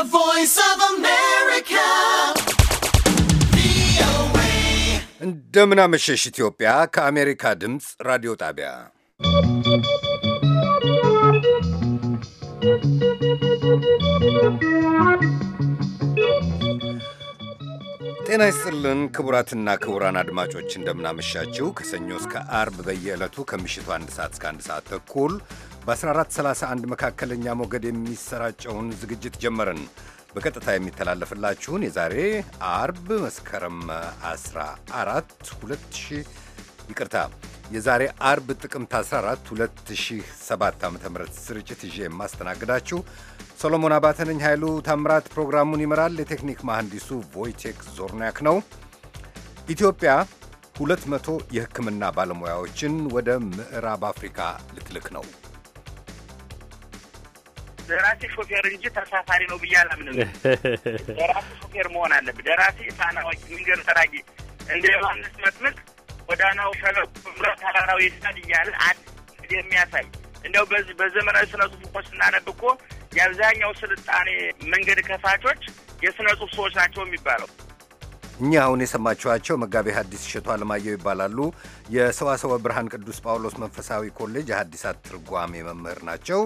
The voice of America. ኢትዮጵያ። ከአሜሪካ ድምፅ ራዲዮ ጣቢያ ጤና ይስጥልን ክቡራትና ክቡራን አድማጮች እንደምናመሻችው ከሰኞ እስከ አርብ በየዕለቱ ከምሽቱ አንድ ሰዓት እስከ አንድ ሰዓት ተኩል በ1431 መካከለኛ ሞገድ የሚሰራጨውን ዝግጅት ጀመርን። በቀጥታ የሚተላለፍላችሁን የዛሬ አርብ መስከረም 14 2000 ይቅርታ የዛሬ አርብ ጥቅምት 14 2007 ዓ ም ስርጭት ይዤ የማስተናግዳችሁ ሰሎሞን አባተነኝ። ኃይሉ ታምራት ፕሮግራሙን ይመራል። የቴክኒክ መሐንዲሱ ቮይቴክ ዞርኒያክ ነው። ኢትዮጵያ 200 የሕክምና ባለሙያዎችን ወደ ምዕራብ አፍሪካ ልትልክ ነው። ደራሲ ሾፌር እንጂ ተሳፋሪ ነው ብዬ አላምንም። ደራሲ ሾፌር መሆን አለብህ። ደራሲ ታናዎች መንገድ ጠራጊ እንደ ዮሐንስ መጥምቅ ጎዳናው ሸለቆ ተራራው ይስዳል እያለ አንድ የሚያሳይ እንደው በዚህ በዘመናዊ ስነ ጽሁፍ እኮ ስናነብ እኮ የአብዛኛው ስልጣኔ መንገድ ከፋቾች የስነ ጽሁፍ ሰዎች ናቸው የሚባለው እኛ አሁን የሰማችኋቸው መጋቤ ሐዲስ እሸቱ አለማየሁ ይባላሉ። የሰዋሰወ ብርሃን ቅዱስ ጳውሎስ መንፈሳዊ ኮሌጅ የሐዲሳት ትርጓሜ መምህር ናቸው።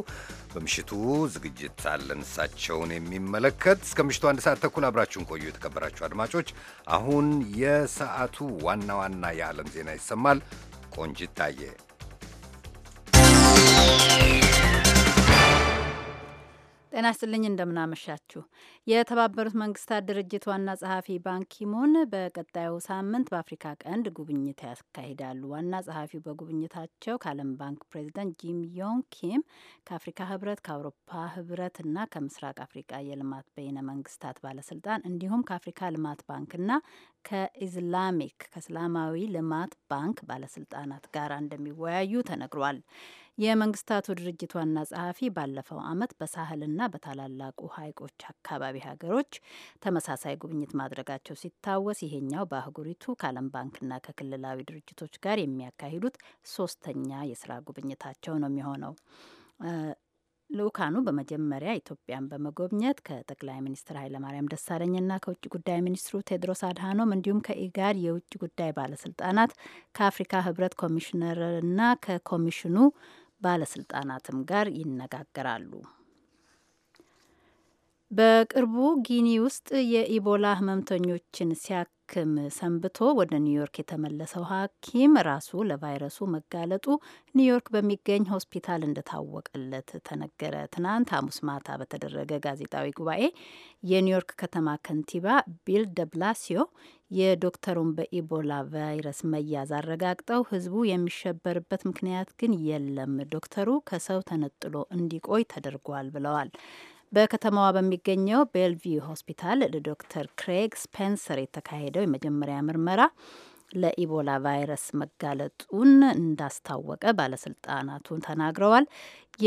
በምሽቱ ዝግጅት አለን እሳቸውን የሚመለከት እስከ ምሽቱ አንድ ሰዓት ተኩል አብራችሁን ቆዩ። የተከበራችሁ አድማጮች፣ አሁን የሰዓቱ ዋና ዋና የዓለም ዜና ይሰማል። ቆንጂት ታየ ጤና ይስጥልኝ እንደምናመሻችሁ። የተባበሩት መንግስታት ድርጅት ዋና ጸሐፊ ባንኪሙን በቀጣዩ ሳምንት በአፍሪካ ቀንድ ጉብኝት ያካሂዳሉ። ዋና ጸሐፊው በጉብኝታቸው ከዓለም ባንክ ፕሬዚደንት ጂም ዮንግ ኪም፣ ከአፍሪካ ህብረት፣ ከአውሮፓ ህብረትና ከምስራቅ አፍሪካ የልማት በይነ መንግስታት ባለስልጣን እንዲሁም ከአፍሪካ ልማት ባንክና ከኢስላሚክ ከእስላማዊ ልማት ባንክ ባለስልጣናት ጋር እንደሚወያዩ ተነግሯል። የመንግስታቱ ድርጅት ዋና ጸሐፊ ባለፈው አመት በሳህልና በታላላቁ ሀይቆች አካባቢ ሀገሮች ተመሳሳይ ጉብኝት ማድረጋቸው ሲታወስ ይሄኛው በአህጉሪቱ ከዓለም ባንክና ከክልላዊ ድርጅቶች ጋር የሚያካሂዱት ሶስተኛ የስራ ጉብኝታቸው ነው የሚሆነው። ልኡካኑ በመጀመሪያ ኢትዮጵያን በመጎብኘት ከጠቅላይ ሚኒስትር ኃይለማርያም ደሳለኝና ከውጭ ጉዳይ ሚኒስትሩ ቴድሮስ አድሃኖም እንዲሁም ከኢጋድ የውጭ ጉዳይ ባለስልጣናት ከአፍሪካ ህብረት ኮሚሽነርና ከኮሚሽኑ ባለስልጣናትም ጋር ይነጋገራሉ። በቅርቡ ጊኒ ውስጥ የኢቦላ ህመምተኞችን ሲያክም ሰንብቶ ወደ ኒውዮርክ የተመለሰው ሐኪም ራሱ ለቫይረሱ መጋለጡ ኒውዮርክ በሚገኝ ሆስፒታል እንደታወቀለት ተነገረ። ትናንት ሐሙስ ማታ በተደረገ ጋዜጣዊ ጉባኤ የኒውዮርክ ከተማ ከንቲባ ቢል ደብላሲዮ የዶክተሩን በኢቦላ ቫይረስ መያዝ አረጋግጠው ህዝቡ የሚሸበርበት ምክንያት ግን የለም፣ ዶክተሩ ከሰው ተነጥሎ እንዲቆይ ተደርጓል ብለዋል። በከተማዋ በሚገኘው ቤልቪው ሆስፒታል ለዶክተር ክሬግ ስፔንሰር የተካሄደው የመጀመሪያ ምርመራ ለኢቦላ ቫይረስ መጋለጡን እንዳስታወቀ ባለስልጣናቱ ተናግረዋል።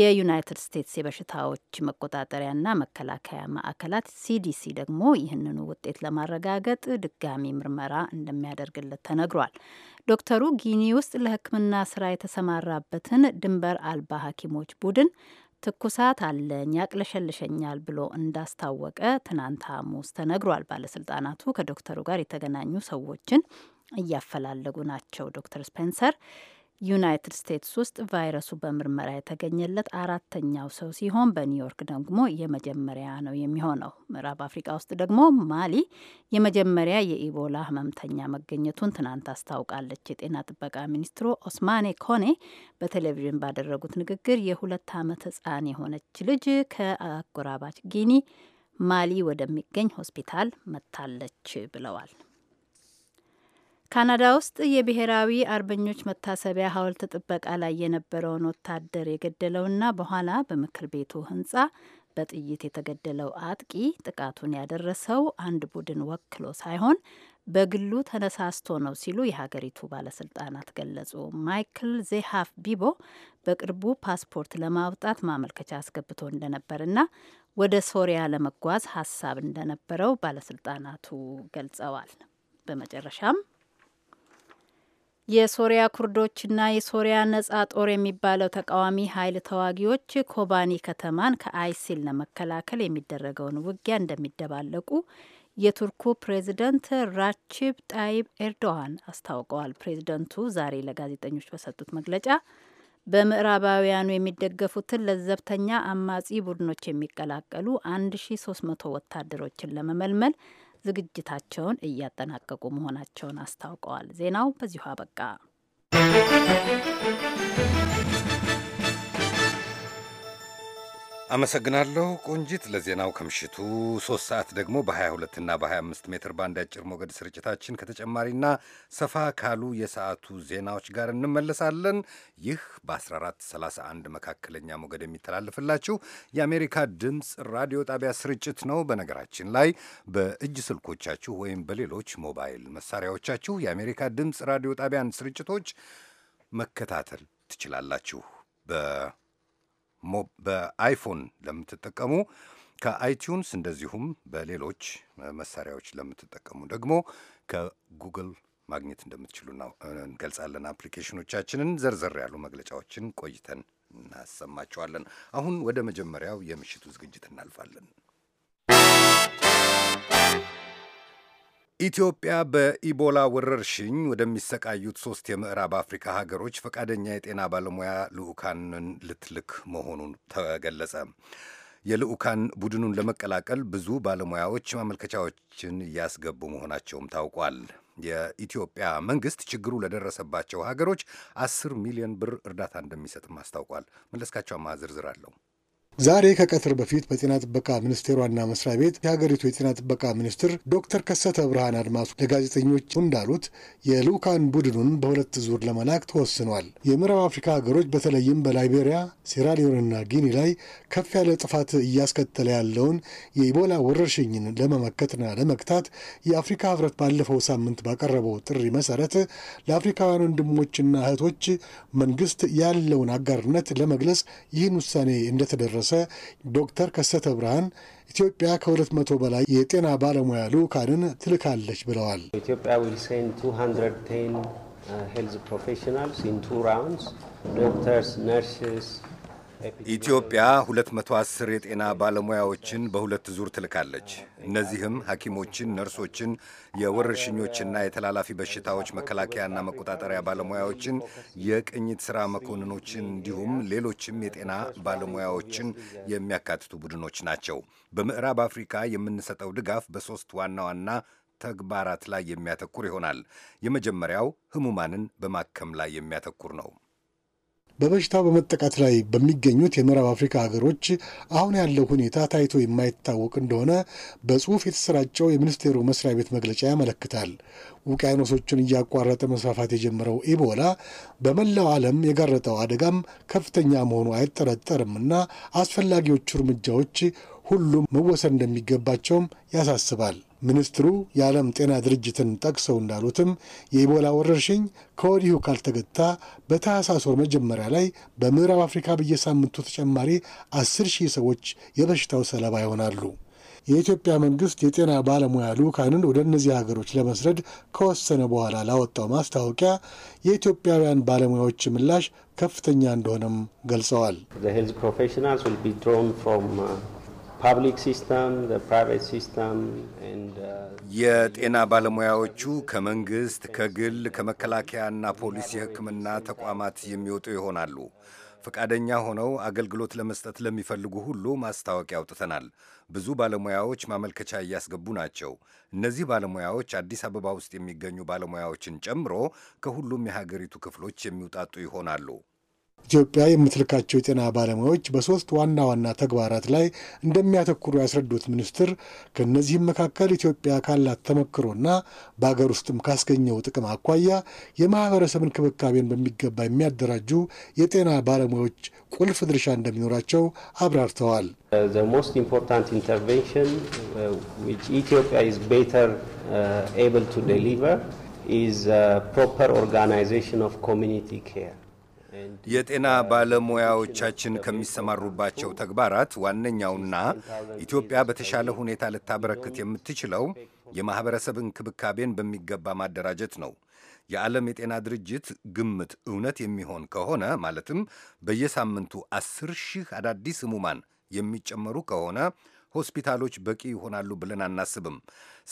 የዩናይትድ ስቴትስ የበሽታዎች መቆጣጠሪያና መከላከያ ማዕከላት ሲዲሲ ደግሞ ይህንኑ ውጤት ለማረጋገጥ ድጋሚ ምርመራ እንደሚያደርግለት ተነግሯል። ዶክተሩ ጊኒ ውስጥ ለሕክምና ስራ የተሰማራበትን ድንበር አልባ ሐኪሞች ቡድን ትኩሳት አለኝ ያቅለሸልሸኛል ብሎ እንዳስታወቀ ትናንት ሐሙስ ተነግሯል። ባለስልጣናቱ ከዶክተሩ ጋር የተገናኙ ሰዎችን እያፈላለጉ ናቸው። ዶክተር ስፔንሰር ዩናይትድ ስቴትስ ውስጥ ቫይረሱ በምርመራ የተገኘለት አራተኛው ሰው ሲሆን በኒውዮርክ ደግሞ የመጀመሪያ ነው የሚሆነው። ምዕራብ አፍሪካ ውስጥ ደግሞ ማሊ የመጀመሪያ የኢቦላ ህመምተኛ መገኘቱን ትናንት አስታውቃለች። የጤና ጥበቃ ሚኒስትሩ ኦስማኔ ኮኔ በቴሌቪዥን ባደረጉት ንግግር የሁለት ዓመት ሕፃን የሆነች ልጅ ከአጎራባች ጊኒ ማሊ ወደሚገኝ ሆስፒታል መታለች ብለዋል። ካናዳ ውስጥ የብሔራዊ አርበኞች መታሰቢያ ሐውልት ጥበቃ ላይ የነበረውን ወታደር የገደለውና በኋላ በምክር ቤቱ ህንጻ በጥይት የተገደለው አጥቂ ጥቃቱን ያደረሰው አንድ ቡድን ወክሎ ሳይሆን በግሉ ተነሳስቶ ነው ሲሉ የሀገሪቱ ባለስልጣናት ገለጹ። ማይክል ዜሃፍ ቢቦ በቅርቡ ፓስፖርት ለማውጣት ማመልከቻ አስገብቶ እንደነበርና ወደ ሶሪያ ለመጓዝ ሀሳብ እንደነበረው ባለስልጣናቱ ገልጸዋል። በመጨረሻም የሶሪያ ኩርዶችና የሶሪያ ነጻ ጦር የሚባለው ተቃዋሚ ኃይል ተዋጊዎች ኮባኒ ከተማን ከአይሲል ለመከላከል የሚደረገውን ውጊያ እንደሚደባለቁ የቱርኩ ፕሬዚደንት ራችብ ጣይብ ኤርዶዋን አስታውቀዋል። ፕሬዚደንቱ ዛሬ ለጋዜጠኞች በሰጡት መግለጫ በምዕራባውያኑ የሚደገፉትን ለዘብተኛ አማጺ ቡድኖች የሚቀላቀሉ 1300 ወታደሮችን ለመመልመል ዝግጅታቸውን እያጠናቀቁ መሆናቸውን አስታውቀዋል። ዜናው በዚሁ አበቃ። አመሰግናለሁ ቆንጂት ለዜናው። ከምሽቱ 3 ሰዓት ደግሞ በ22 እና በ25 ሜትር ባንድ አጭር ሞገድ ስርጭታችን ከተጨማሪና ሰፋ ካሉ የሰዓቱ ዜናዎች ጋር እንመለሳለን። ይህ በ1431 መካከለኛ ሞገድ የሚተላለፍላችሁ የአሜሪካ ድምፅ ራዲዮ ጣቢያ ስርጭት ነው። በነገራችን ላይ በእጅ ስልኮቻችሁ ወይም በሌሎች ሞባይል መሳሪያዎቻችሁ የአሜሪካ ድምፅ ራዲዮ ጣቢያን ስርጭቶች መከታተል ትችላላችሁ በ በአይፎን ለምትጠቀሙ ከአይቲዩንስ እንደዚሁም በሌሎች መሳሪያዎች ለምትጠቀሙ ደግሞ ከጉግል ማግኘት እንደምትችሉ እንገልጻለን። አፕሊኬሽኖቻችንን ዘርዘር ያሉ መግለጫዎችን ቆይተን እናሰማቸዋለን። አሁን ወደ መጀመሪያው የምሽቱ ዝግጅት እናልፋለን። ኢትዮጵያ በኢቦላ ወረርሽኝ ወደሚሰቃዩት ሶስት የምዕራብ አፍሪካ ሀገሮች ፈቃደኛ የጤና ባለሙያ ልዑካንን ልትልክ መሆኑን ተገለጸ። የልዑካን ቡድኑን ለመቀላቀል ብዙ ባለሙያዎች ማመልከቻዎችን እያስገቡ መሆናቸውም ታውቋል። የኢትዮጵያ መንግስት ችግሩ ለደረሰባቸው ሀገሮች አስር ሚሊዮን ብር እርዳታ እንደሚሰጥም አስታውቋል። መለስካቸው አማረ ዝርዝር አለው። ዛሬ ከቀትር በፊት በጤና ጥበቃ ሚኒስቴር ዋና መስሪያ ቤት የሀገሪቱ የጤና ጥበቃ ሚኒስትር ዶክተር ከሰተ ብርሃን አድማሱ ለጋዜጠኞች እንዳሉት የልዑካን ቡድኑን በሁለት ዙር ለመላክ ተወስኗል። የምዕራብ አፍሪካ ሀገሮች በተለይም በላይቤሪያ፣ ሴራሊዮንና ጊኒ ላይ ከፍ ያለ ጥፋት እያስከተለ ያለውን የኢቦላ ወረርሽኝን ለመመከትና ለመግታት የአፍሪካ ህብረት ባለፈው ሳምንት ባቀረበው ጥሪ መሰረት ለአፍሪካውያን ወንድሞችና እህቶች መንግስት ያለውን አጋርነት ለመግለጽ ይህን ውሳኔ እንደተደረሰ ደረሰ ዶክተር ከሰተ ብርሃን ኢትዮጵያ ከ መቶ በላይ የጤና ባለሙያ ልዑካንን ትልካለች ብለዋል። ዶክተርስ ነርስስ ኢትዮጵያ 210 የጤና ባለሙያዎችን በሁለት ዙር ትልካለች። እነዚህም ሐኪሞችን፣ ነርሶችን፣ የወረርሽኞችና የተላላፊ በሽታዎች መከላከያና መቆጣጠሪያ ባለሙያዎችን፣ የቅኝት ሥራ መኮንኖችን እንዲሁም ሌሎችም የጤና ባለሙያዎችን የሚያካትቱ ቡድኖች ናቸው። በምዕራብ አፍሪካ የምንሰጠው ድጋፍ በሦስት ዋና ዋና ተግባራት ላይ የሚያተኩር ይሆናል። የመጀመሪያው ህሙማንን በማከም ላይ የሚያተኩር ነው። በበሽታው በመጠቃት ላይ በሚገኙት የምዕራብ አፍሪካ ሀገሮች አሁን ያለው ሁኔታ ታይቶ የማይታወቅ እንደሆነ በጽሁፍ የተሰራጨው የሚኒስቴሩ መስሪያ ቤት መግለጫ ያመለክታል። ውቅያኖሶችን እያቋረጠ መስፋፋት የጀመረው ኢቦላ በመላው ዓለም የጋረጠው አደጋም ከፍተኛ መሆኑ አይጠረጠርምና አስፈላጊዎቹ እርምጃዎች ሁሉም መወሰድ እንደሚገባቸውም ያሳስባል። ሚኒስትሩ የዓለም ጤና ድርጅትን ጠቅሰው እንዳሉትም የኢቦላ ወረርሽኝ ከወዲሁ ካልተገታ በታህሳስ ወር መጀመሪያ ላይ በምዕራብ አፍሪካ በየሳምንቱ ተጨማሪ አስር ሺህ ሰዎች የበሽታው ሰለባ ይሆናሉ። የኢትዮጵያ መንግስት የጤና ባለሙያ ልዑካንን ወደ እነዚህ ሀገሮች ለመስረድ ከወሰነ በኋላ ላወጣው ማስታወቂያ የኢትዮጵያውያን ባለሙያዎች ምላሽ ከፍተኛ እንደሆነም ገልጸዋል። Uh, የጤና ባለሙያዎቹ ከመንግስት ከግል ከመከላከያና ፖሊስ የሕክምና ተቋማት የሚወጡ ይሆናሉ። ፈቃደኛ ሆነው አገልግሎት ለመስጠት ለሚፈልጉ ሁሉ ማስታወቂያ አውጥተናል። ብዙ ባለሙያዎች ማመልከቻ እያስገቡ ናቸው። እነዚህ ባለሙያዎች አዲስ አበባ ውስጥ የሚገኙ ባለሙያዎችን ጨምሮ ከሁሉም የሀገሪቱ ክፍሎች የሚውጣጡ ይሆናሉ። ኢትዮጵያ የምትልካቸው የጤና ባለሙያዎች በሶስት ዋና ዋና ተግባራት ላይ እንደሚያተኩሩ ያስረዱት ሚኒስትር ከእነዚህም መካከል ኢትዮጵያ ካላት ተመክሮና በአገር ውስጥም ካስገኘው ጥቅም አኳያ የማህበረሰብ እንክብካቤን በሚገባ የሚያደራጁ የጤና ባለሙያዎች ቁልፍ ድርሻ እንደሚኖራቸው አብራርተዋል። The most important intervention uh, which Ethiopia is better uh, able የጤና ባለሙያዎቻችን ከሚሰማሩባቸው ተግባራት ዋነኛውና ኢትዮጵያ በተሻለ ሁኔታ ልታበረክት የምትችለው የማኅበረሰብ እንክብካቤን በሚገባ ማደራጀት ነው። የዓለም የጤና ድርጅት ግምት እውነት የሚሆን ከሆነ ማለትም በየሳምንቱ አስር ሺህ አዳዲስ ህሙማን የሚጨመሩ ከሆነ ሆስፒታሎች በቂ ይሆናሉ ብለን አናስብም።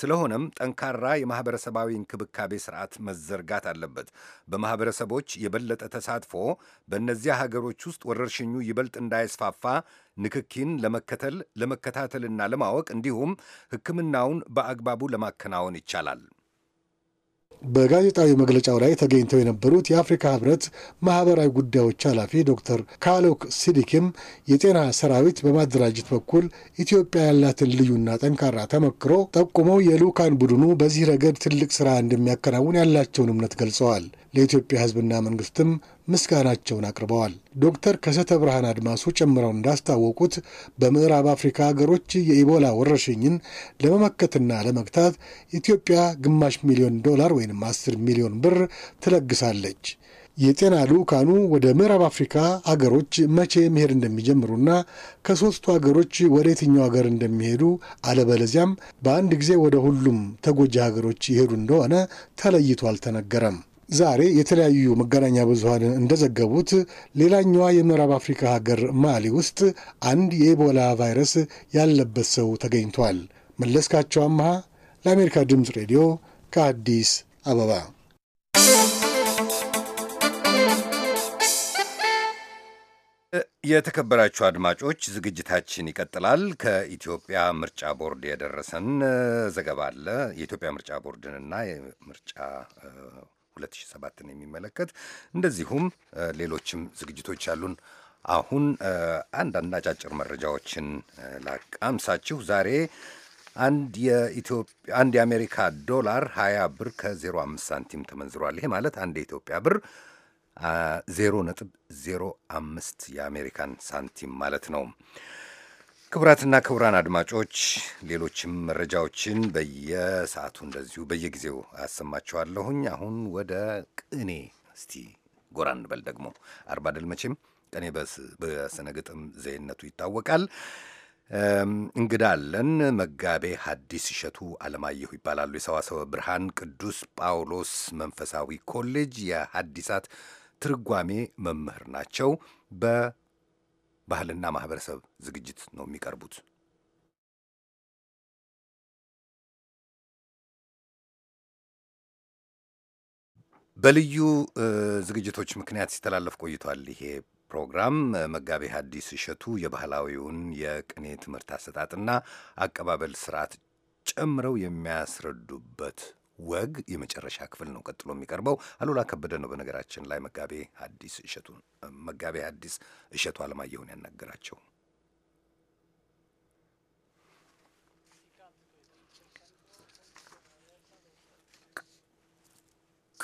ስለሆነም ጠንካራ የማህበረሰባዊ እንክብካቤ ስርዓት መዘርጋት አለበት። በማህበረሰቦች የበለጠ ተሳትፎ በእነዚያ ሀገሮች ውስጥ ወረርሽኙ ይበልጥ እንዳይስፋፋ ንክኪን ለመከተል ለመከታተልና ለማወቅ እንዲሁም ሕክምናውን በአግባቡ ለማከናወን ይቻላል። በጋዜጣዊ መግለጫው ላይ ተገኝተው የነበሩት የአፍሪካ ህብረት ማህበራዊ ጉዳዮች ኃላፊ ዶክተር ካሎክ ሲዲኪም የጤና ሰራዊት በማደራጀት በኩል ኢትዮጵያ ያላትን ልዩና ጠንካራ ተመክሮ ጠቁመው የልዑካን ቡድኑ በዚህ ረገድ ትልቅ ስራ እንደሚያከናውን ያላቸውን እምነት ገልጸዋል። ለኢትዮጵያ ሕዝብና መንግስትም ምስጋናቸውን አቅርበዋል። ዶክተር ከሰተ ብርሃን አድማሱ ጨምረው እንዳስታወቁት በምዕራብ አፍሪካ ሀገሮች የኢቦላ ወረርሽኝን ለመመከትና ለመግታት ኢትዮጵያ ግማሽ ሚሊዮን ዶላር ወይም አስር ሚሊዮን ብር ትለግሳለች። የጤና ልዑካኑ ወደ ምዕራብ አፍሪካ አገሮች መቼ መሄድ እንደሚጀምሩና ከሦስቱ አገሮች ወደ የትኛው አገር እንደሚሄዱ አለበለዚያም በአንድ ጊዜ ወደ ሁሉም ተጎጂ ሀገሮች ይሄዱ እንደሆነ ተለይቶ አልተነገረም። ዛሬ የተለያዩ መገናኛ ብዙሀን እንደዘገቡት ሌላኛዋ የምዕራብ አፍሪካ ሀገር ማሊ ውስጥ አንድ የኢቦላ ቫይረስ ያለበት ሰው ተገኝቷል። መለስካቸው አመሃ ለአሜሪካ ድምፅ ሬዲዮ ከአዲስ አበባ። የተከበራችሁ አድማጮች ዝግጅታችን ይቀጥላል። ከኢትዮጵያ ምርጫ ቦርድ የደረሰን ዘገባ አለ። የኢትዮጵያ ምርጫ ቦርድንና የምርጫ 2007ን የሚመለከት እንደዚሁም ሌሎችም ዝግጅቶች አሉን። አሁን አንዳንድ አጫጭር መረጃዎችን ላቃምሳችሁ። ዛሬ አንድ የአሜሪካ ዶላር 20 ብር ከ05 ሳንቲም ተመንዝሯል። ይሄ ማለት አንድ የኢትዮጵያ ብር 005 የአሜሪካን ሳንቲም ማለት ነው። ክቡራትና ክቡራን አድማጮች ሌሎችም መረጃዎችን በየሰዓቱ እንደዚሁ በየጊዜው አሰማችኋለሁኝ። አሁን ወደ ቅኔ እስቲ ጎራ እንበል። ደግሞ አርባ ድል መቼም ቅኔ በስነ ግጥም ዘይነቱ ይታወቃል። እንግዳ አለን። መጋቤ ሐዲስ እሸቱ አለማየሁ ይባላሉ። የሰዋሰወ ብርሃን ቅዱስ ጳውሎስ መንፈሳዊ ኮሌጅ የሐዲሳት ትርጓሜ መምህር ናቸው በ ባህልና ማህበረሰብ ዝግጅት ነው የሚቀርቡት። በልዩ ዝግጅቶች ምክንያት ሲተላለፍ ቆይቷል። ይሄ ፕሮግራም መጋቤ ሐዲስ እሸቱ የባህላዊውን የቅኔ ትምህርት አሰጣጥና አቀባበል ስርዓት ጨምረው የሚያስረዱበት ወግ የመጨረሻ ክፍል ነው ቀጥሎ የሚቀርበው። አሉላ ከበደ ነው በነገራችን ላይ መጋቤ ሐዲስ እሸቱን መጋቤ ሐዲስ እሸቱ አለማየሁን ያናገራቸው።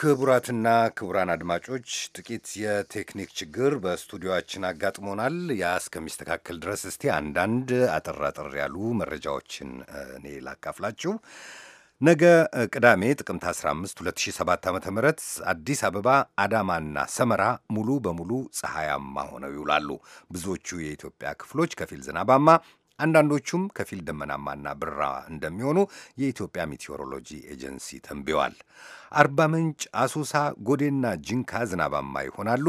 ክቡራትና ክቡራን አድማጮች ጥቂት የቴክኒክ ችግር በስቱዲዮችን አጋጥሞናል። ያ እስከሚስተካከል ድረስ እስቲ አንዳንድ አጠር አጠር ያሉ መረጃዎችን እኔ ላካፍላችሁ። ነገ ቅዳሜ ጥቅምት 15 2007 ዓ ም አዲስ አበባ፣ አዳማና ሰመራ ሙሉ በሙሉ ፀሐያማ ሆነው ይውላሉ። ብዙዎቹ የኢትዮጵያ ክፍሎች ከፊል ዝናባማ አንዳንዶቹም ከፊል ደመናማና ብራ እንደሚሆኑ የኢትዮጵያ ሜቴዎሮሎጂ ኤጀንሲ ተንብዋል። አርባ ምንጭ፣ አሶሳ፣ ጎዴና ጂንካ ዝናባማ ይሆናሉ።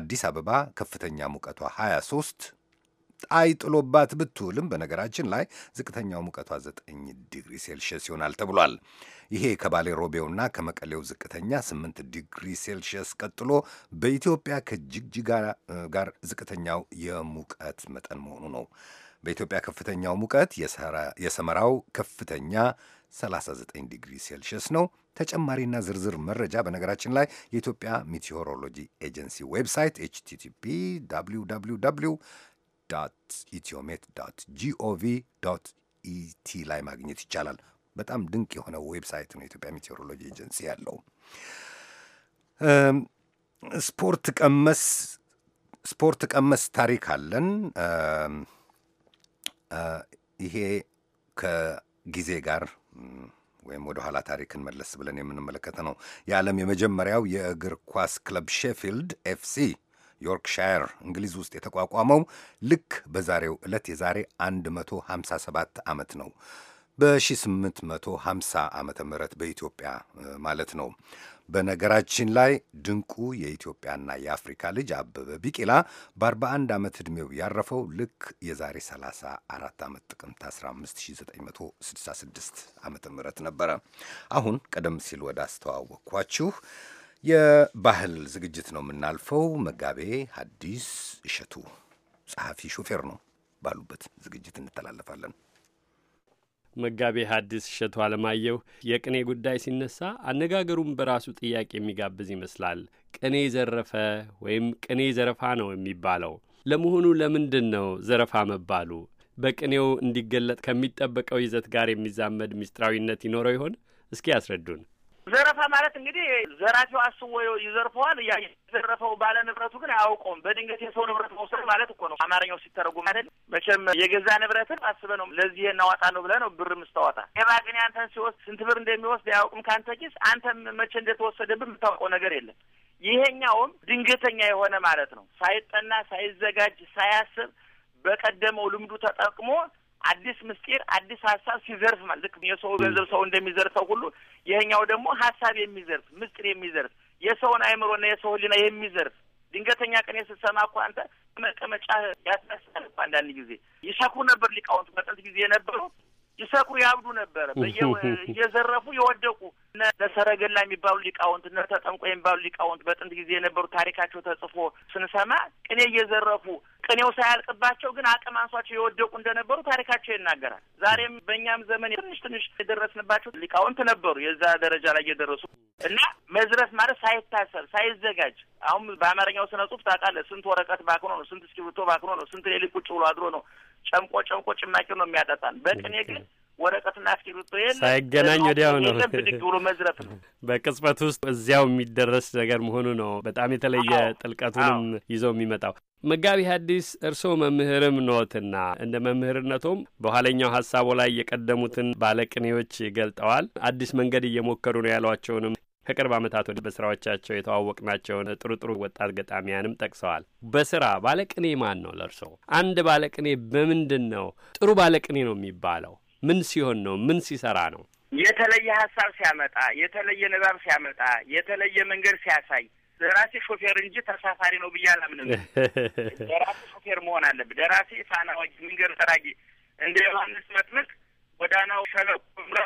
አዲስ አበባ ከፍተኛ ሙቀቷ 23 አይጥሎባት ብትውልም በነገራችን ላይ ዝቅተኛው ሙቀቷ 9 ዲግሪ ሴልሽየስ ይሆናል ተብሏል። ይሄ ከባሌ ሮቤውና ከመቀሌው ዝቅተኛ 8 ዲግሪ ሴልሽየስ ቀጥሎ በኢትዮጵያ ከጅግጅጋ ጋር ዝቅተኛው የሙቀት መጠን መሆኑ ነው። በኢትዮጵያ ከፍተኛው ሙቀት የሰመራው ከፍተኛ 39 ዲግሪ ሴልሽየስ ነው። ተጨማሪና ዝርዝር መረጃ በነገራችን ላይ የኢትዮጵያ ሚቴዎሮሎጂ ኤጀንሲ ዌብሳይት ኤችቲቲፒ ኢትዮሜት ጂኦቪ ኢቲ ላይ ማግኘት ይቻላል። በጣም ድንቅ የሆነ ዌብሳይት ነው የኢትዮጵያ ሜቴሮሎጂ ኤጀንሲ ያለው። ስፖርት ቀመስ ስፖርት ቀመስ ታሪክ አለን። ይሄ ከጊዜ ጋር ወይም ወደ ኋላ ታሪክን መለስ ብለን የምንመለከተ ነው። የዓለም የመጀመሪያው የእግር ኳስ ክለብ ሼፊልድ ኤፍሲ ዮርክሻየር እንግሊዝ ውስጥ የተቋቋመው ልክ በዛሬው ዕለት የዛሬ 157 ዓመት ነው። በ1850 ዓ ም በኢትዮጵያ ማለት ነው። በነገራችን ላይ ድንቁ የኢትዮጵያና የአፍሪካ ልጅ አበበ ቢቂላ በ41 ዓመት ዕድሜው ያረፈው ልክ የዛሬ 34 ዓመት ጥቅምት 15 1966 ዓ ም ነበረ። አሁን ቀደም ሲል ወደ አስተዋወቅኳችሁ የባህል ዝግጅት ነው የምናልፈው። መጋቤ ሐዲስ እሸቱ ጸሐፊ፣ ሾፌር ነው ባሉበት ዝግጅት እንተላለፋለን። መጋቤ ሐዲስ እሸቱ አለማየሁ የቅኔ ጉዳይ ሲነሳ አነጋገሩም በራሱ ጥያቄ የሚጋብዝ ይመስላል። ቅኔ ዘረፈ ወይም ቅኔ ዘረፋ ነው የሚባለው። ለመሆኑ ለምንድን ነው ዘረፋ መባሉ? በቅኔው እንዲገለጥ ከሚጠበቀው ይዘት ጋር የሚዛመድ ምስጢራዊነት ይኖረው ይሆን? እስኪ ያስረዱን። ዘረፋ ማለት እንግዲህ ዘራፊው አስቦ ይዘርፈዋል። ያ የተዘረፈው ባለ ንብረቱ ግን አያውቀውም። በድንገት የሰው ንብረት መውሰድ ማለት እኮ ነው። አማርኛው ሲተረጉም ማለት መቼም የገዛ ንብረትን አስበ ነው ለዚህ እናዋጣ ነው ብለህ ነው ብር ምስተዋጣ ሌባ ግን ያንተን ሲወስድ ስንት ብር እንደሚወስድ አያውቅም። ከአንተ ኪስ አንተም መቼ እንደተወሰደብህ የምታውቀው ነገር የለም። ይሄኛውም ድንገተኛ የሆነ ማለት ነው። ሳይጠና ሳይዘጋጅ ሳያስብ በቀደመው ልምዱ ተጠቅሞ አዲስ ምስጢር፣ አዲስ ሀሳብ ሲዘርፍ ማለት ልክ የሰው ገንዘብ ሰው እንደሚዘርፈው ሁሉ ይህኛው ደግሞ ሀሳብ የሚዘርፍ ምስጢር የሚዘርፍ የሰውን አእምሮና የሰው ህሊና የሚዘርፍ ድንገተኛ ቀን ስትሰማ እኮ አንተ መቀመጫ ያስነሳል። አንዳንድ ጊዜ ይሰኩ ነበር ሊቃውንት በጥንት ጊዜ የነበሩ ይሰቅሩ ያብዱ ነበረ። እየዘረፉ የወደቁ ነሰረገላ የሚባሉ ሊቃውንት፣ እነ ተጠምቆ የሚባሉ ሊቃውንት በጥንት ጊዜ የነበሩ ታሪካቸው ተጽፎ ስንሰማ ቅኔ እየዘረፉ ቅኔው ሳያልቅባቸው ግን አቅም አንሷቸው የወደቁ እንደነበሩ ታሪካቸው ይናገራል። ዛሬም በእኛም ዘመን ትንሽ ትንሽ የደረስንባቸው ሊቃውንት ነበሩ የዛ ደረጃ ላይ እየደረሱ እና መዝረፍ ማለት ሳይታሰብ ሳይዘጋጅ አሁን በአማርኛው ስነ ጽሁፍ ታውቃለህ፣ ስንት ወረቀት ባክኖ ነው፣ ስንት እስክሪብቶ ባክኖ ነው፣ ስንት ሌሊት ቁጭ ብሎ አድሮ ነው ጨምቆ ጨምቆ ጭማቂው ነው የሚያጠጣን። በቅኔ ግን ወረቀትና እስክሪብቶ ሳይገናኝ ወዲያው ነው ብድግ ብሎ መዝረፍ ነው። በቅጽበት ውስጥ እዚያው የሚደረስ ነገር መሆኑ ነው። በጣም የተለየ ጥልቀቱንም ይዘው የሚመጣው መጋቢ ሐዲስ እርስዎ መምህርም ኖትና እንደ መምህርነቶም በኋለኛው ሀሳቡ ላይ የቀደሙትን ባለቅኔዎች ገልጠዋል። አዲስ መንገድ እየሞከሩ ነው ያሏቸውንም ከቅርብ ዓመታት ወዲህ በስራዎቻቸው የተዋወቅናቸውን ጥሩ ጥሩ ወጣት ገጣሚያንም ጠቅሰዋል። በስራ ባለቅኔ ማን ነው ለእርሶ? አንድ ባለቅኔ በምንድን ነው ጥሩ ባለቅኔ ነው የሚባለው? ምን ሲሆን ነው? ምን ሲሰራ ነው? የተለየ ሀሳብ ሲያመጣ፣ የተለየ ንባብ ሲያመጣ፣ የተለየ መንገድ ሲያሳይ ደራሴ ሾፌር እንጂ ተሳፋሪ ነው ብዬ አላምንም። ደራሴ ሾፌር መሆን አለብህ። ደራሴ ፋና መንገድ እንደ ዮሐንስ መጥምቅ ጎዳናው ሸለቆ፣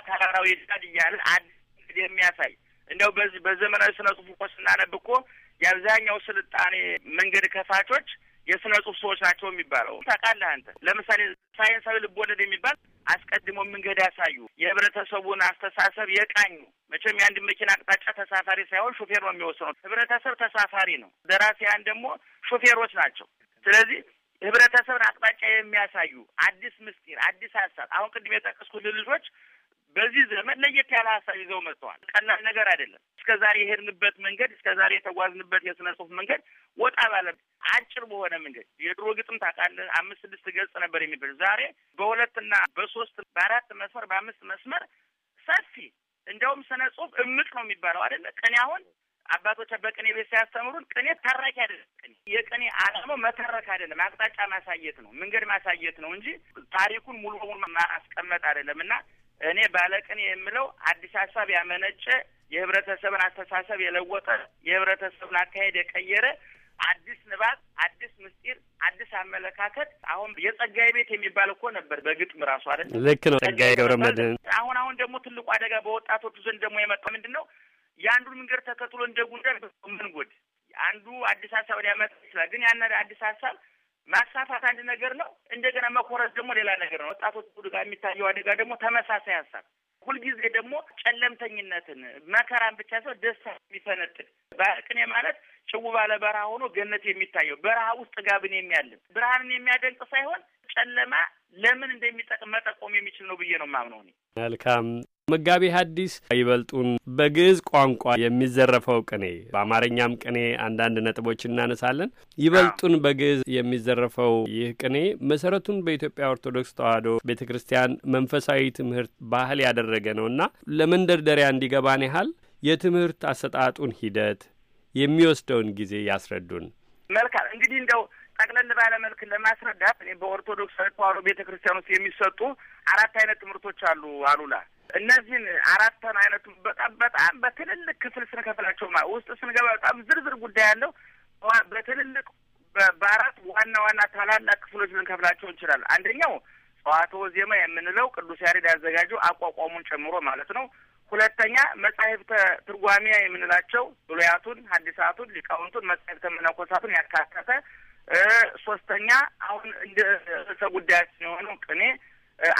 ተራራው ይዳድ እያለ አዲስ የሚያሳይ እንደው በዚህ በዘመናዊ ስነ ጽሁፍ እኮ ስናነብ እኮ የአብዛኛው ስልጣኔ መንገድ ከፋቾች የስነ ጽሁፍ ሰዎች ናቸው የሚባለው ታውቃለህ አንተ። ለምሳሌ ሳይንሳዊ ልቦለድ የሚባል አስቀድሞ መንገድ ያሳዩ፣ የህብረተሰቡን አስተሳሰብ የቃኙ። መቼም የአንድ መኪና አቅጣጫ ተሳፋሪ ሳይሆን ሾፌር ነው የሚወስነው። ህብረተሰብ ተሳፋሪ ነው፣ ደራሲያን ደግሞ ሾፌሮች ናቸው። ስለዚህ ህብረተሰብን አቅጣጫ የሚያሳዩ አዲስ ምስጢር፣ አዲስ ሀሳብ አሁን ቅድም የጠቀስኩት ልልጆች በዚህ ዘመን ለየት ያለ ሀሳብ ይዘው መጥተዋል። ቀላል ነገር አይደለም። እስከ ዛሬ የሄድንበት መንገድ፣ እስከ ዛሬ የተጓዝንበት የስነ ጽሁፍ መንገድ ወጣ ባለ አጭር በሆነ መንገድ የድሮ ግጥም ታውቃለህ፣ አምስት ስድስት ገጽ ነበር የሚበል ዛሬ በሁለትና በሶስት በአራት መስመር በአምስት መስመር ሰፊ እንዲያውም ስነ ጽሁፍ እምቅ ነው የሚባለው አይደለ? ቅኔ አሁን አባቶች በቅኔ ቤት ሲያስተምሩን ቅኔ ተራኪ አይደለም። ቅኔ የቅኔ ዓላማው መተረክ አይደለም፣ አቅጣጫ ማሳየት ነው፣ መንገድ ማሳየት ነው እንጂ ታሪኩን ሙሉ በሙሉ ማስቀመጥ አይደለም እና እኔ ባለቅኔ የምለው አዲስ ሀሳብ ያመነጨ የህብረተሰብን አስተሳሰብ የለወጠ የህብረተሰብን አካሄድ የቀየረ አዲስ ንባት፣ አዲስ ምስጢር፣ አዲስ አመለካከት። አሁን የጸጋዬ ቤት የሚባል እኮ ነበር በግጥም ራሱ አይደል? ልክ ነው። ጸጋዬ ገብረመድህን። አሁን አሁን ደግሞ ትልቁ አደጋ በወጣቶቹ ዘንድ ደግሞ የመጣ ምንድን ነው? የአንዱን መንገድ ተከትሎ እንደ ጉንዳን መንጎድ። አንዱ አዲስ ሀሳብን ያመጣ ይችላል፣ ግን ያን አዲስ ሀሳብ ማስፋፋት አንድ ነገር ነው። እንደገና መኮረስ ደግሞ ሌላ ነገር ነው። ወጣቶች ሁሉ ጋር የሚታየው አደጋ ደግሞ ተመሳሳይ ሀሳብ ሁልጊዜ ደግሞ ጨለምተኝነትን፣ መከራን ብቻ ሰው ደስታ የሚፈነጥቅ ቅኔ ማለት ጭው ባለ በረሃ ሆኖ ገነት የሚታየው በረሃ ውስጥ ጋብን የሚያልም ብርሃንን የሚያደንቅ ሳይሆን ጨለማ ለምን እንደሚጠቅም መጠቆም የሚችል ነው ብዬ ነው የማምነው እኔ። መልካም መጋቢ ሐዲስ ይበልጡን በግዕዝ ቋንቋ የሚዘረፈው ቅኔ በአማርኛም ቅኔ አንዳንድ ነጥቦች እናነሳለን። ይበልጡን በግዕዝ የሚዘረፈው ይህ ቅኔ መሰረቱን በኢትዮጵያ ኦርቶዶክስ ተዋሕዶ ቤተ ክርስቲያን መንፈሳዊ ትምህርት ባህል ያደረገ ነውና ለመንደርደሪያ እንዲገባን ያህል የትምህርት አሰጣጡን ሂደት የሚወስደውን ጊዜ ያስረዱን። መልካም እንግዲህ እንደው ጠቅለል ባለ መልክ ለማስረዳት እኔ በኦርቶዶክስ ተዋሕዶ ቤተ ክርስቲያን ውስጥ የሚሰጡ አራት አይነት ትምህርቶች አሉ አሉላ እነዚህን አራተን አይነቱ በጣም በጣም በትልልቅ ክፍል ስንከፍላቸው ውስጥ ስንገባ በጣም ዝርዝር ጉዳይ ያለው በትልልቅ በአራት ዋና ዋና ታላላቅ ክፍሎች ልንከፍላቸው እንችላለን። አንደኛው ጸዋትወ ዜማ የምንለው ቅዱስ ያሬድ ያዘጋጀው አቋቋሙን ጨምሮ ማለት ነው። ሁለተኛ መጻሕፍተ ትርጓሚያ የምንላቸው ብሉያቱን፣ ሐዲሳቱን፣ ሊቃውንቱን፣ መጻሕፍተ መነኮሳቱን ያካተተ ሶስተኛ አሁን እንደ ርዕሰ ጉዳያችን የሆነው ቅኔ፣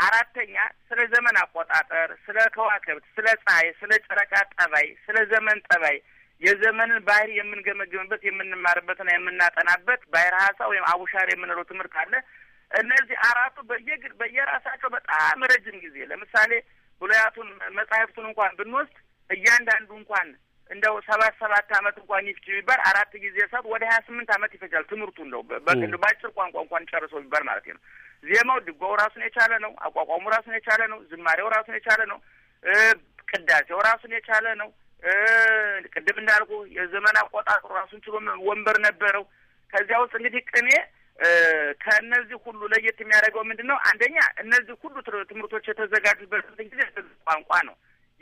አራተኛ ስለ ዘመን አቆጣጠር፣ ስለ ከዋክብት፣ ስለ ፀሐይ፣ ስለ ጨረቃ ጠባይ፣ ስለ ዘመን ጠባይ የዘመንን ባህሪ የምንገመግምበት የምንማርበትና የምናጠናበት ባህረ ሀሳ ወይም አቡሻር የምንለው ትምህርት አለ። እነዚህ አራቱ በየግ በየራሳቸው በጣም ረጅም ጊዜ ለምሳሌ ብሉያቱን መጻሕፍቱን እንኳን ብንወስድ እያንዳንዱ እንኳን እንደው ሰባት ሰባት አመት እንኳን ይፍች ቢባል አራት ጊዜ ሰብ ወደ ሀያ ስምንት አመት ይፈጃል ትምህርቱ እንደው በአጭር ቋንቋ እንኳን ጨርሰው ቢባል ማለት ነው። ዜማው ድጓው ራሱን የቻለ ነው። አቋቋሙ ራሱን የቻለ ነው። ዝማሬው ራሱን የቻለ ነው። ቅዳሴው ራሱን የቻለ ነው። ቅድም እንዳልኩ የዘመን አቆጣጠሩ ራሱን ችሎ ወንበር ነበረው። ከዚያ ውስጥ እንግዲህ ቅኔ ከእነዚህ ሁሉ ለየት የሚያደርገው ምንድን ነው? አንደኛ እነዚህ ሁሉ ትምህርቶች የተዘጋጁበት ጊዜ ቋንቋ ነው።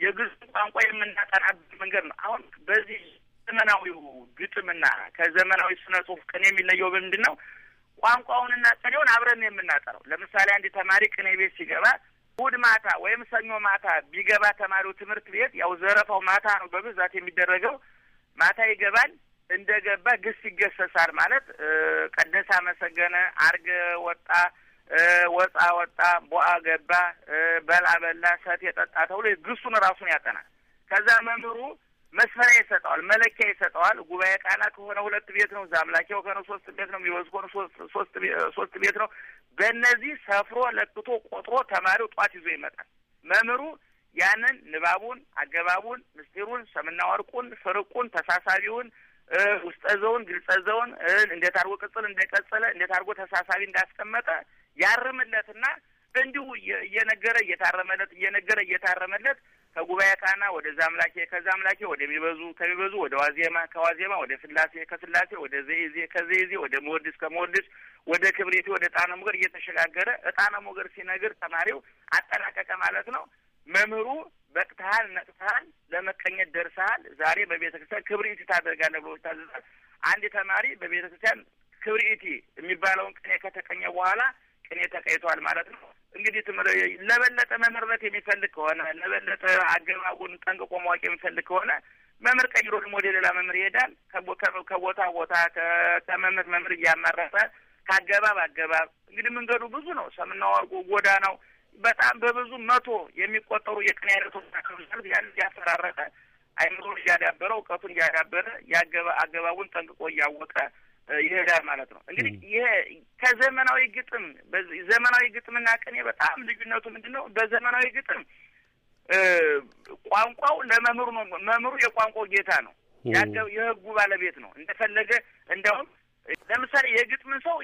የግዕዝ ቋንቋ የምናጠናበት መንገድ ነው። አሁን በዚህ ዘመናዊው ግጥምና ከዘመናዊ ስነ ጽሁፍ ቅኔ የሚለየው ምንድን ነው? ቋንቋውንና ቅኔውን አብረን የምናጠረው። ለምሳሌ አንድ ተማሪ ቅኔ ቤት ሲገባ እሑድ ማታ ወይም ሰኞ ማታ ቢገባ ተማሪው ትምህርት ቤት ያው ዘረፋው ማታ ነው በብዛት የሚደረገው። ማታ ይገባል። እንደገባ ግስ ይገሰሳል ማለት ቀደሰ፣ አመሰገነ፣ አርገ ወጣ ወጣ ወጣ፣ ቦአ ገባ፣ በላ በላ፣ ሰት የጠጣ ተብሎ ግሱን ራሱን ያጠናል። ከዛ መምህሩ መስፈሪያ ይሰጠዋል፣ መለኪያ ይሰጠዋል። ጉባኤ ቃና ከሆነ ሁለት ቤት ነው፣ ዛምላኪያው ከሆነ ሶስት ቤት ነው፣ ሚወዝ ከሆነ ሶስት ቤት ነው። በእነዚህ ሰፍሮ ለክቶ ቆጥሮ ተማሪው ጧት ይዞ ይመጣል። መምህሩ ያንን ንባቡን፣ አገባቡን፣ ምስጢሩን፣ ሰምና ወርቁን፣ ፍርቁን፣ ተሳሳቢውን፣ ግልጸ ዘውን እንዴት አድርጎ ቅጽል እንደቀጸለ እንዴት አድርጎ ተሳሳቢ እንዳስቀመጠ ያርምለትና እንዲሁ እየነገረ እየታረመለት እየነገረ እየታረመለት ከጉባኤ ቃና ወደ ዛምላኬ ከዛ አምላኬ ሚበዙ ከሚበዙ ወደ ዋዜማ ከዋዜማ ወደ ስላሴ ከስላሴ ወደ ዘይዜ ከዘይዜ ወደ መወድስ ከመወድስ ወደ ክብሪቴ ወደ ጣነ ሞገር እየተሸጋገረ እጣነ ሞገር ሲነግር ተማሪው አጠናቀቀ ማለት ነው። መምህሩ በቅተሃል፣ ነቅተሃል፣ ለመቀኘት ደርሰሃል፣ ዛሬ በቤተ ክርስቲያን ክብሪቲ ታደርጋለህ ብሎ ታዘዛል። አንድ ተማሪ በቤተ ክርስቲያን ክብሪቲ የሚባለውን ቅኔ ከተቀኘ በኋላ ቅኔ ተቀይቷል ማለት ነው። እንግዲህ ትምህር ለበለጠ መመርመት የሚፈልግ ከሆነ ለበለጠ አገባቡን ጠንቅቆ ማወቅ የሚፈልግ ከሆነ መምህር ቀይሮ ደግሞ ወደ ሌላ መምህር ይሄዳል። ከቦታ ቦታ ከመምህር መምህር እያመረጠ ከአገባብ አገባብ እንግዲህ መንገዱ ብዙ ነው። ሰምና ወርቁ ጎዳናው በጣም በብዙ መቶ የሚቆጠሩ የቅኔ አይነቶች ናቸው። ያን እያፈራረቀ አይምሮን እያዳበረ እውቀቱን እያዳበረ የአገባ አገባቡን ጠንቅቆ እያወቀ ይሄዳል ማለት ነው። እንግዲህ ይሄ ከዘመናዊ ግጥም ዘመናዊ ግጥምና ቅኔ በጣም ልዩነቱ ምንድን ነው? በዘመናዊ ግጥም ቋንቋው ለመምህሩ ነው። መምህሩ የቋንቋው ጌታ ነው፣ የህጉ ባለቤት ነው። እንደፈለገ እንደውም ለምሳሌ የግጥምን ሰው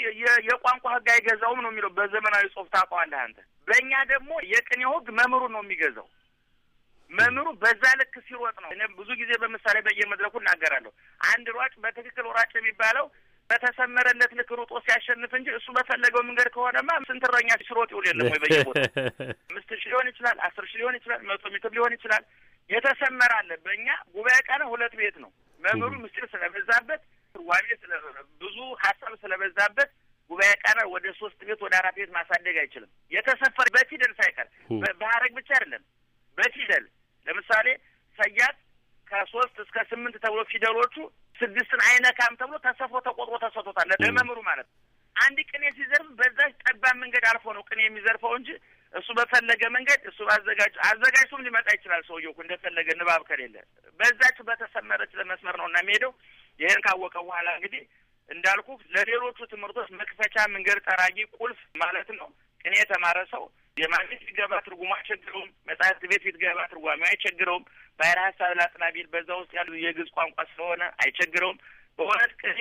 የቋንቋ ህግ አይገዛውም ነው የሚለው በዘመናዊ ጽሁፍ ታውቀዋለህ አንተ። በእኛ ደግሞ የቅኔው ህግ መምህሩ ነው የሚገዛው። መምህሩ በዛ ልክ ሲሮጥ ነው። ብዙ ጊዜ በምሳሌ በየመድረኩ እናገራለሁ። አንድ ሯጭ በትክክል ሯጭ የሚባለው በተሰመረለት ልክ ሩጦ ሲያሸንፍ እንጂ እሱ በፈለገው መንገድ ከሆነማ ስንትረኛ ሲሮጥ ይውል የለም ወይ? በየቦታ አምስት ሺ ሊሆን ይችላል፣ አስር ሺ ሊሆን ይችላል፣ መቶ ሜትር ሊሆን ይችላል። የተሰመረ አለ። በእኛ ጉባኤ ቀን ሁለት ቤት ነው። መምህሩ ምስጢር ስለበዛበት ዋቤ ስለ ብዙ ሀሳብ ስለበዛበት ጉባኤ ቀን ወደ ሶስት ቤት ወደ አራት ቤት ማሳደግ አይችልም። የተሰፈረ በፊደል ሳይቀር በሀረግ ብቻ አይደለም በፊደል ለምሳሌ ሰያት ከሶስት እስከ ስምንት ተብሎ ፊደሎቹ ስድስትን አይነካም ተብሎ ተሰፎ ተቆጥሮ ተሰቶታል ለመምሩ ማለት ነው። አንድ ቅኔ ሲዘርፍ በዛች ጠባብ መንገድ አልፎ ነው ቅኔ የሚዘርፈው እንጂ እሱ በፈለገ መንገድ እሱ አዘጋጅ አዘጋጅቶም ሊመጣ ይችላል። ሰውየው እንደፈለገ ንባብ ከሌለ በዛች በተሰመረች መስመር ነው እና የሚሄደው። ይህን ካወቀ በኋላ እንግዲህ እንዳልኩ ለሌሎቹ ትምህርቶች መክፈቻ መንገድ ጠራጊ ቁልፍ ማለት ነው። ቅኔ የተማረ ሰው የማግኘት ቢገባ ትርጉሙ አይቸግረውም። መጽሐፍት ቤት ቢትገባ ትርጓሚ አይቸግረውም። ባሕረ ሀሳብ ላጥና ቢል በዛ ውስጥ ያሉ የግዕዝ ቋንቋ ስለሆነ አይቸግረውም። በእውነት ቅኔ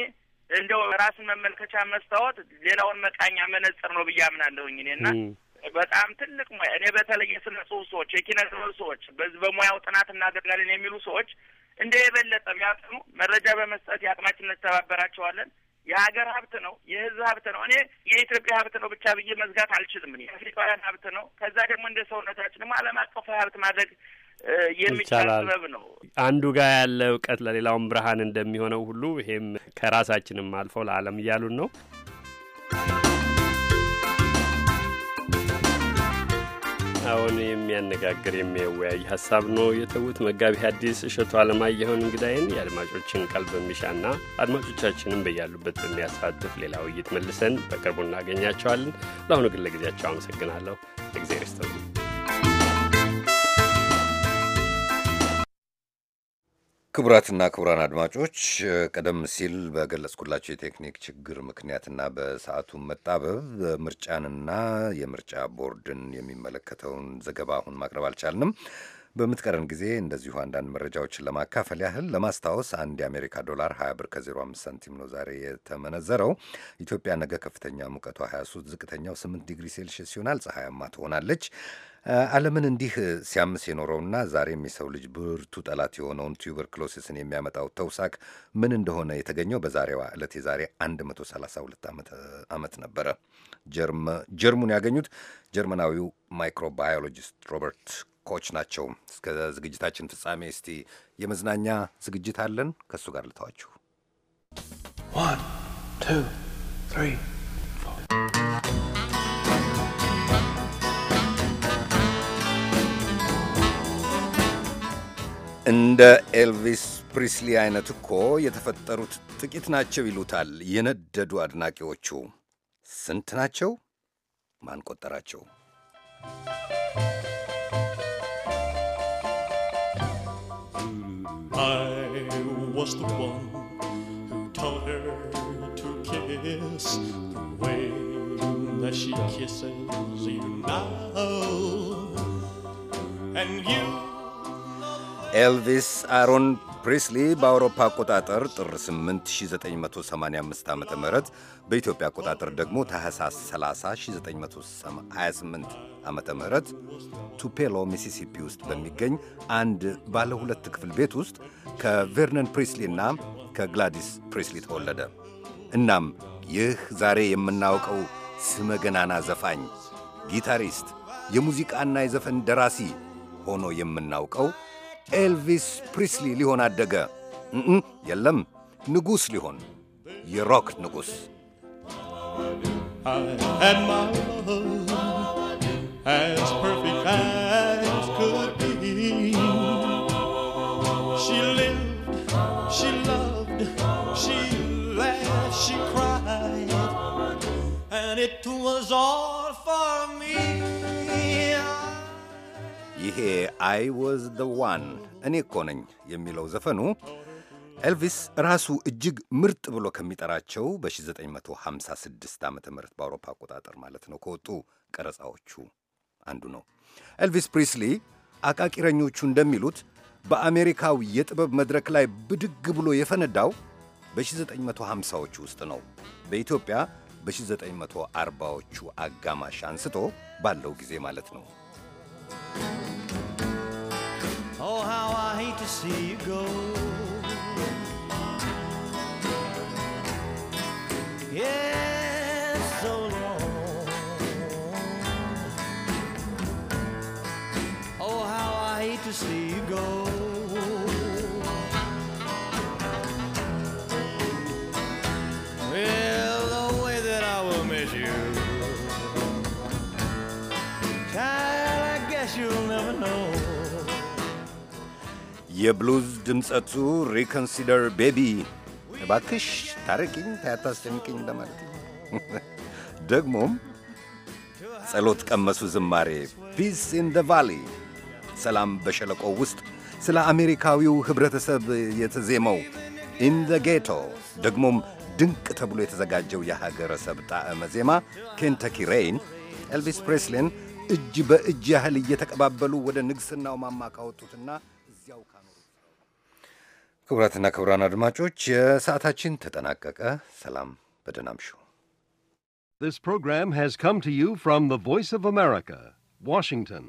እንደው ራስን መመልከቻ መስታወት፣ ሌላውን መቃኛ መነጽር ነው ብዬ አምናለሁኝ እኔ እና በጣም ትልቅ ሙያ እኔ በተለይ የስነ ጽሁፍ ሰዎች፣ የኪነ ጥበብ ሰዎች በዚህ በሙያው ጥናት እናደርጋለን የሚሉ ሰዎች እንደ የበለጠ ቢያጥኑ መረጃ በመስጠት የአቅማችን እንተባበራቸዋለን። የሀገር ሀብት ነው፣ የህዝብ ሀብት ነው። እኔ የኢትዮጵያ ሀብት ነው ብቻ ብዬ መዝጋት አልችልም። እኔ አፍሪካውያን ሀብት ነው። ከዛ ደግሞ እንደ ሰውነታችን ደግሞ ዓለም አቀፍ ሀብት ማድረግ የሚቻል ጥበብ ነው። አንዱ ጋር ያለ እውቀት ለሌላውም ብርሃን እንደሚሆነው ሁሉ ይሄም ከራሳችንም አልፈው ለዓለም እያሉን ነው። Thank you. አሁን የሚያነጋግር የሚያወያይ ሀሳብ ነው የተዉት። መጋቢ ሐዲስ እሸቱ አለማየሁን እንግዳይን የአድማጮችን ቀልብ በሚሻና አድማጮቻችንም በያሉበት በሚያሳትፍ ሌላ ውይይት መልሰን በቅርቡ እናገኛቸዋለን። ለአሁኑ ግን ለጊዜያቸው አመሰግናለሁ። እግዜር ይስጥልኝ። ክቡራትና ክቡራን አድማጮች ቀደም ሲል በገለጽኩላቸው የቴክኒክ ችግር ምክንያትና በሰዓቱ መጣበብ ምርጫንና የምርጫ ቦርድን የሚመለከተውን ዘገባ አሁን ማቅረብ አልቻልንም። በምትቀረን ጊዜ እንደዚሁ አንዳንድ መረጃዎችን ለማካፈል ያህል ለማስታወስ አንድ የአሜሪካ ዶላር 20 ብር ከ05 ሳንቲም ነው ዛሬ የተመነዘረው። ኢትዮጵያ ነገ ከፍተኛ ሙቀቷ 23፣ ዝቅተኛው 8 ዲግሪ ሴልሽስ ይሆናል። ፀሐያማ ትሆናለች። ዓለምን እንዲህ ሲያምስ የኖረውና ዛሬም የሰው ልጅ ብርቱ ጠላት የሆነውን ቱበርክሎሲስን የሚያመጣው ተውሳክ ምን እንደሆነ የተገኘው በዛሬዋ ዕለት የዛሬ 132 ዓመት ነበረ። ጀርሙን ያገኙት ጀርመናዊው ማይክሮባዮሎጂስት ሮበርት ኮች ናቸው። እስከ ዝግጅታችን ፍጻሜ እስቲ የመዝናኛ ዝግጅት አለን። ከእሱ ጋር ልተዋችሁ። ዋን ቱ ትሪ እንደ ኤልቪስ ፕሪስሊ አይነት እኮ የተፈጠሩት ጥቂት ናቸው ይሉታል የነደዱ አድናቂዎቹ። ስንት ናቸው? ማን ቆጠራቸው? and you. ኤልቪስ አሮን ፕሪስሊ በአውሮፓ አቆጣጠር ጥር 8 1985 ዓ ም በኢትዮጵያ አቆጣጠር ደግሞ ታህሳስ 30 1928 ዓ ም ቱፔሎ ሚሲሲፒ ውስጥ በሚገኝ አንድ ባለ ሁለት ክፍል ቤት ውስጥ ከቬርነን ፕሪስሊ እና ከግላዲስ ፕሪስሊ ተወለደ። እናም ይህ ዛሬ የምናውቀው ስመገናና ዘፋኝ፣ ጊታሪስት፣ የሙዚቃና የዘፈን ደራሲ ሆኖ የምናውቀው ኤልቪስ ፕሪስሊ lihon አደገ። የለም ንጉሥ ሊሆን የሮክ ንጉሥ As perfect as could be. She lived, she loved, she laughed, she cried, and it was all. ይሄ አይ ወዝ ደ ዋን እኔ እኮ ነኝ የሚለው ዘፈኑ ኤልቪስ ራሱ እጅግ ምርጥ ብሎ ከሚጠራቸው በ1956 ዓ ም በአውሮፓ አቆጣጠር ማለት ነው ከወጡ ቀረጻዎቹ አንዱ ነው። ኤልቪስ ፕሪስሊ አቃቂረኞቹ እንደሚሉት በአሜሪካው የጥበብ መድረክ ላይ ብድግ ብሎ የፈነዳው በ1950ዎቹ ውስጥ ነው። በኢትዮጵያ በ1940ዎቹ አጋማሽ አንስቶ ባለው ጊዜ ማለት ነው። see you go. Yeah, so long. Oh, how I hate to see you go. የብሉዝ ድምፀቱ ሪኮንሲደር ቤቢ እባክሽ ታረቂኝ ታያታስጨንቅኝ ለማለት ደግሞም ጸሎት ቀመሱ ዝማሬ ፒስ ኢን ደ ቫሊ ሰላም በሸለቆው ውስጥ ስለ አሜሪካዊው ኅብረተሰብ የተዜመው ኢን ዘ ጌቶ ደግሞም ድንቅ ተብሎ የተዘጋጀው የሀገረሰብ ጣዕመ ዜማ ኬንተኪ ሬይን ኤልቪስ ፕሬስሊን እጅ በእጅ ያህል እየተቀባበሉ ወደ ንግሥናው ማማ ካወጡትና እዚያው ክቡራትና ክቡራን አድማጮች የሰዓታችን ተጠናቀቀ። ሰላም፣ በደህና This program has come to you from the Voice of America, Washington.